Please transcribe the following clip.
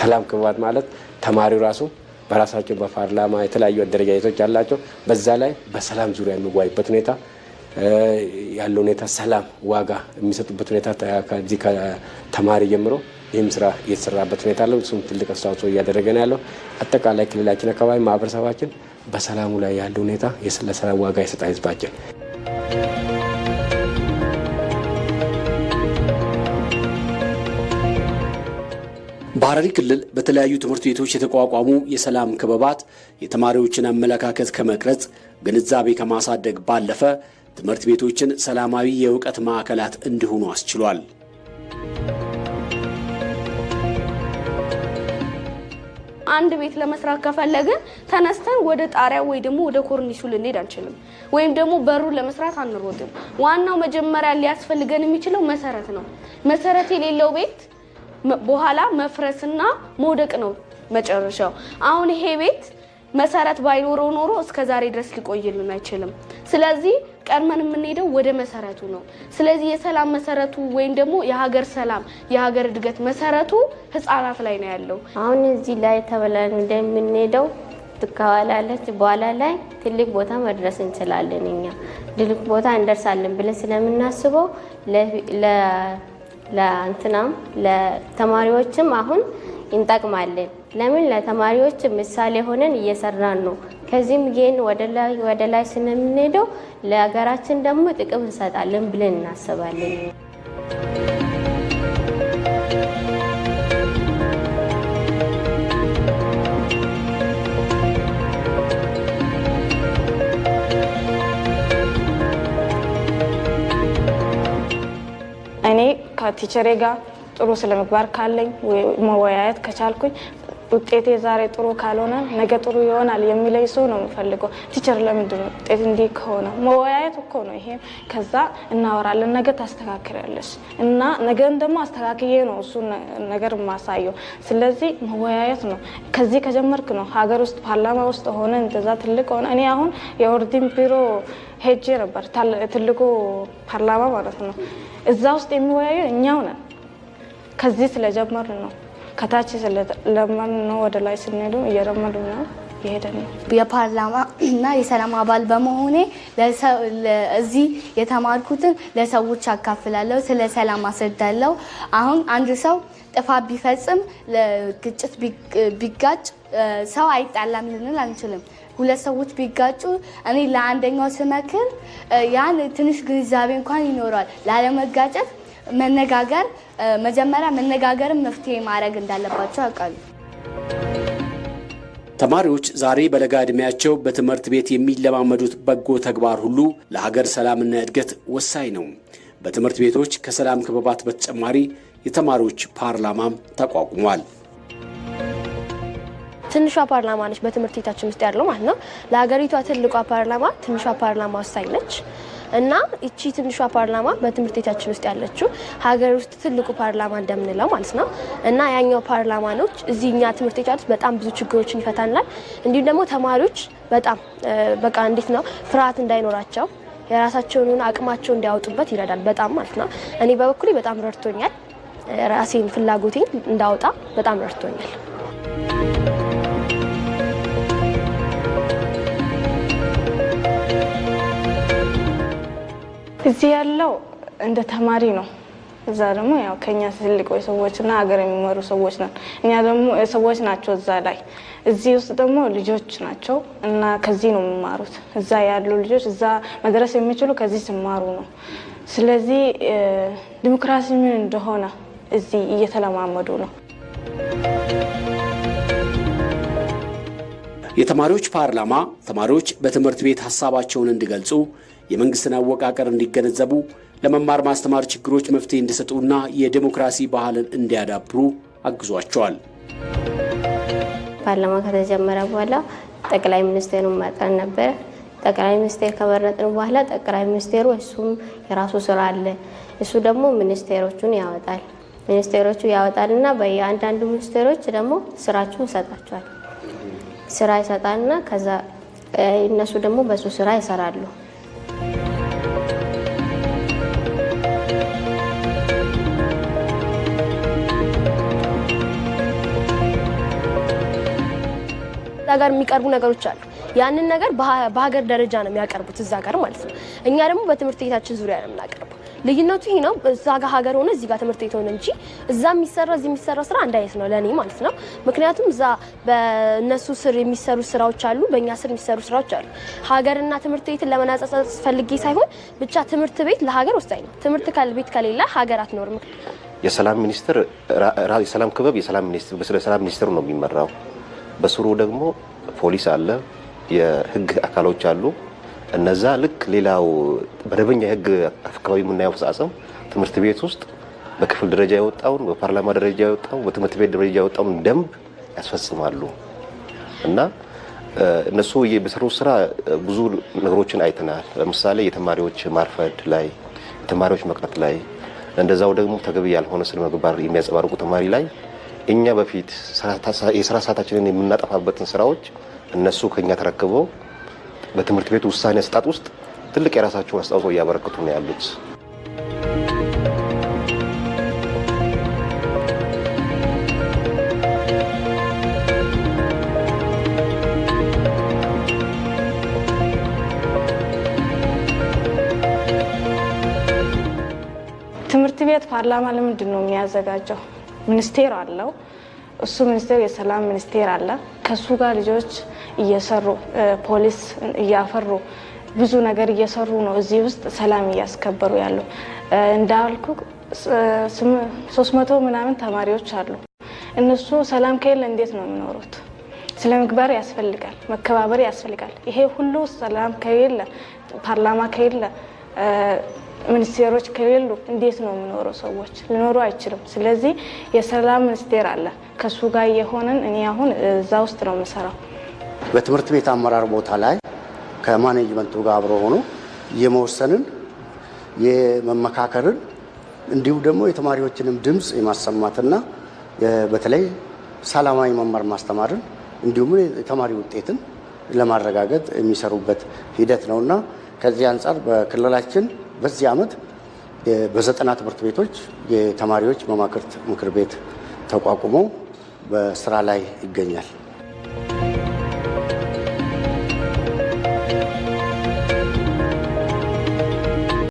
ሰላም ክቡባት ማለት ተማሪው ራሱ በራሳቸው በፓርላማ የተለያዩ አደረጃጀቶች ያላቸው በዛ ላይ በሰላም ዙሪያ የሚጓይበት ሁኔታ ያለው ሁኔታ ሰላም ዋጋ የሚሰጡበት ሁኔታ ከዚህ ከተማሪ ጀምሮ ይህም ስራ እየተሰራበት ሁኔታ አለው። እሱም ትልቅ አስተዋጽኦ እያደረገ ነው ያለው። አጠቃላይ ክልላችን አካባቢ ማህበረሰባችን በሰላሙ ላይ ያለው ሁኔታ ለሰላም ዋጋ የሰጣ ህዝባችን በሐረሪ ክልል በተለያዩ ትምህርት ቤቶች የተቋቋሙ የሰላም ክበባት የተማሪዎችን አመለካከት ከመቅረጽ ግንዛቤ ከማሳደግ ባለፈ ትምህርት ቤቶችን ሰላማዊ የእውቀት ማዕከላት እንዲሆኑ አስችሏል። አንድ ቤት ለመስራት ከፈለግን ተነስተን ወደ ጣሪያ ወይ ደግሞ ወደ ኮርኒሱ ልንሄድ አንችልም። ወይም ደግሞ በሩ ለመስራት አንሮጥም። ዋናው መጀመሪያ ሊያስፈልገን የሚችለው መሰረት ነው። መሰረት የሌለው ቤት በኋላ መፍረስና መውደቅ ነው መጨረሻው። አሁን ይሄ ቤት መሰረት ባይኖረው ኖሮ እስከ ዛሬ ድረስ ሊቆይልን አይችልም። ስለዚህ ቀድመን የምንሄደው ወደ መሰረቱ ነው። ስለዚህ የሰላም መሰረቱ ወይም ደግሞ የሀገር ሰላም የሀገር እድገት መሰረቱ ህጻናት ላይ ነው ያለው። አሁን እዚህ ላይ ተበላን እንደምንሄደው ትካዋላለች በኋላ ላይ ትልቅ ቦታ መድረስ እንችላለን። እኛ ትልቅ ቦታ እንደርሳለን ብለን ስለምናስበው ለእንትናም ለተማሪዎችም አሁን እንጠቅማለን። ለምን ለተማሪዎች ምሳሌ ሆነን እየሰራን ነው። ከዚህም ይህን ወደ ላይ ስንምንሄደው ለሀገራችን ደግሞ ጥቅም እንሰጣለን ብለን እናስባለን። ከቲቸሬ ጋር ጥሩ ስለምግባር ካለኝ መወያየት ከቻልኩኝ ውጤቴ ዛሬ ጥሩ ካልሆነ ነገ ጥሩ ይሆናል የሚለይ ሰው ነው የምፈልገው። ቲቸር ለምንድን ነው ውጤት እንዲህ ከሆነ መወያየት እኮ ነው ይሄ። ከዛ እናወራለን፣ ነገ ታስተካክላለች እና ነገን ደግሞ አስተካክዬ ነው እሱ ነገር ማሳየው። ስለዚህ መወያየት ነው። ከዚህ ከጀመርክ ነው ሀገር ውስጥ ፓርላማ ውስጥ ሆነ እንደዛ ትልቅ ሆነ። እኔ አሁን የኦርዲን ቢሮ ሄጄ ነበር፣ ትልቁ ፓርላማ ማለት ነው። እዛ ውስጥ የሚወያዩ እኛው ነን። ከዚህ ስለጀመር ነው ከታች ስለለመን ነው ወደ ላይ ስንሄዱ እየለመዱ ነው የሄደን። የፓርላማ እና የሰላም አባል በመሆኔ እዚህ የተማርኩትን ለሰዎች አካፍላለሁ፣ ስለ ሰላም አስረዳለሁ። አሁን አንድ ሰው ጥፋት ቢፈጽም ግጭት ቢጋጭ ሰው አይጣላም ልንል አንችልም። ሁለት ሰዎች ቢጋጩ እኔ ለአንደኛው ስመክር ያን ትንሽ ግንዛቤ እንኳን ይኖረዋል ላለመጋጨት መነጋገር መጀመሪያ መነጋገርም መፍትሄ ማድረግ እንዳለባቸው ያውቃሉ። ተማሪዎች ዛሬ በለጋ ዕድሜያቸው በትምህርት ቤት የሚለማመዱት በጎ ተግባር ሁሉ ለሀገር ሰላምና እድገት ወሳኝ ነው። በትምህርት ቤቶች ከሰላም ክበባት በተጨማሪ የተማሪዎች ፓርላማም ተቋቁሟል። ትንሿ ፓርላማ ነች በትምህርት ቤታችን ውስጥ ያለው ማለት ነው። ለሀገሪቷ ትልቋ ፓርላማ ትንሿ ፓርላማ ወሳኝ ነች። እና እቺ ትንሿ ፓርላማ በትምህርት ቤታችን ውስጥ ያለችው ሀገር ውስጥ ትልቁ ፓርላማ እንደምንለው ማለት ነው እና ያኛው ፓርላማ ነው። እዚህ እኛ ትምህርት ቤት ውስጥ በጣም ብዙ ችግሮችን ይፈታናል። እንዲሁም ደግሞ ተማሪዎች በጣም በቃ እንዴት ነው ፍርሃት እንዳይኖራቸው የራሳቸውን አቅማቸው እንዲያወጡበት ይረዳል በጣም ማለት ነው። እኔ በበኩሌ በጣም ረድቶኛል። ራሴን ፍላጎቴን እንዳወጣ በጣም ረድቶኛል። እዚህ ያለው እንደ ተማሪ ነው። እዛ ደግሞ ያው ከኛ ትልቆች ሰዎችና ሀገር የሚመሩ ሰዎች ነን። እኛ ደግሞ ሰዎች ናቸው እዛ ላይ። እዚህ ውስጥ ደግሞ ልጆች ናቸው እና ከዚህ ነው የሚማሩት። እዛ ያሉ ልጆች እዛ መድረስ የሚችሉ ከዚህ ሲማሩ ነው። ስለዚህ ዲሞክራሲ ምን እንደሆነ እዚህ እየተለማመዱ ነው። የተማሪዎች ፓርላማ ተማሪዎች በትምህርት ቤት ሀሳባቸውን እንዲገልጹ የመንግሥትን አወቃቀር እንዲገነዘቡ ለመማር ማስተማር ችግሮች መፍትሄ እንዲሰጡና የዴሞክራሲ ባህልን እንዲያዳብሩ አግዟቸዋል። ፓርላማ ከተጀመረ በኋላ ጠቅላይ ሚኒስቴሩን መጠን ነበረ። ጠቅላይ ሚኒስቴር ከመረጥን በኋላ ጠቅላይ ሚኒስቴሩ እሱም የራሱ ስራ አለ። እሱ ደግሞ ሚኒስቴሮቹን ያወጣል። ሚኒስቴሮቹ ያወጣልና በየአንዳንዱ ሚኒስቴሮች ደግሞ ስራችሁ ይሰጣቸዋል። ስራ ይሰጣልና ከዛ እነሱ ደግሞ በሱ ስራ ይሰራሉ። ከኢትዮጵያ ጋር የሚቀርቡ ነገሮች አሉ። ያንን ነገር በሀገር ደረጃ ነው የሚያቀርቡት እዛ ጋር ማለት ነው። እኛ ደግሞ በትምህርት ቤታችን ዙሪያ ነው የምናቀርበው። ልዩነቱ ይህ ነው። እዛ ጋር ሀገር ሆነ እዚህ ጋር ትምህርት ቤት ሆነ እንጂ እዛ የሚሰራ እዚህ የሚሰራ ስራ አንድ አይነት ነው ለእኔ ማለት ነው። ምክንያቱም እዛ በእነሱ ስር የሚሰሩ ስራዎች አሉ፣ በእኛ ስር የሚሰሩ ስራዎች አሉ። ሀገርና ትምህርት ቤትን ለመናጸጸጽ ፈልጌ ሳይሆን ብቻ ትምህርት ቤት ለሀገር ወሳኝ ነው። ትምህርት ቤት ከሌለ ሀገር አትኖርም። የሰላም ሚኒስትር የሰላም ክበብ የሰላም ሚኒስትር ነው የሚመራው በስሩ ደግሞ ፖሊስ አለ፣ የህግ አካሎች አሉ። እነዛ ልክ ሌላው መደበኛ የህግ አካባቢ የምናየው አፈጻጸም ትምህርት ቤት ውስጥ በክፍል ደረጃ የወጣውን በፓርላማ ደረጃ የወጣውን በትምህርት ቤት ደረጃ የወጣውን ደንብ ያስፈጽማሉ እና እነሱ በሰሩ ስራ ብዙ ነገሮችን አይተናል። ለምሳሌ የተማሪዎች ማርፈድ ላይ፣ የተማሪዎች መቅረት ላይ እንደዛው ደግሞ ተገቢ ያልሆነ ስነ ምግባር የሚያንጸባርቁ ተማሪ ላይ እኛ በፊት የስራ ሰዓታችንን የምናጠፋበትን ስራዎች እነሱ ከኛ ተረክበው በትምህርት ቤት ውሳኔ አሰጣጥ ውስጥ ትልቅ የራሳቸውን አስተዋጽኦ እያበረከቱ ነው ያሉት። ትምህርት ቤት ፓርላማ ለምንድን ነው የሚያዘጋጀው? ሚኒስቴር አለው። እሱ ሚኒስቴር የሰላም ሚኒስቴር አለ። ከሱ ጋር ልጆች እየሰሩ ፖሊስ እያፈሩ ብዙ ነገር እየሰሩ ነው። እዚህ ውስጥ ሰላም እያስከበሩ ያሉ እንዳልኩ ሶስት መቶ ምናምን ተማሪዎች አሉ። እነሱ ሰላም ከሌለ እንዴት ነው የሚኖሩት? ስለ ምግባር ያስፈልጋል፣ መከባበር ያስፈልጋል። ይሄ ሁሉ ሰላም ከሌለ ፓርላማ ከሌለ ሚኒስቴሮች ከሌሉ እንዴት ነው የሚኖረው? ሰዎች ሊኖሩ አይችልም። ስለዚህ የሰላም ሚኒስቴር አለ። ከሱ ጋር የሆንን እኔ አሁን እዛ ውስጥ ነው የምሰራው። በትምህርት ቤት አመራር ቦታ ላይ ከማኔጅመንቱ ጋር አብሮ ሆኖ የመወሰንን የመመካከርን እንዲሁም ደግሞ የተማሪዎችንም ድምፅ የማሰማትና በተለይ ሰላማዊ መማር ማስተማርን እንዲሁም የተማሪ ውጤትን ለማረጋገጥ የሚሰሩበት ሂደት እና ከዚህ አንጻር በክልላችን በዚህ ዓመት በዘጠና ትምህርት ቤቶች የተማሪዎች መማክርት ምክር ቤት ተቋቁሞ በስራ ላይ ይገኛል።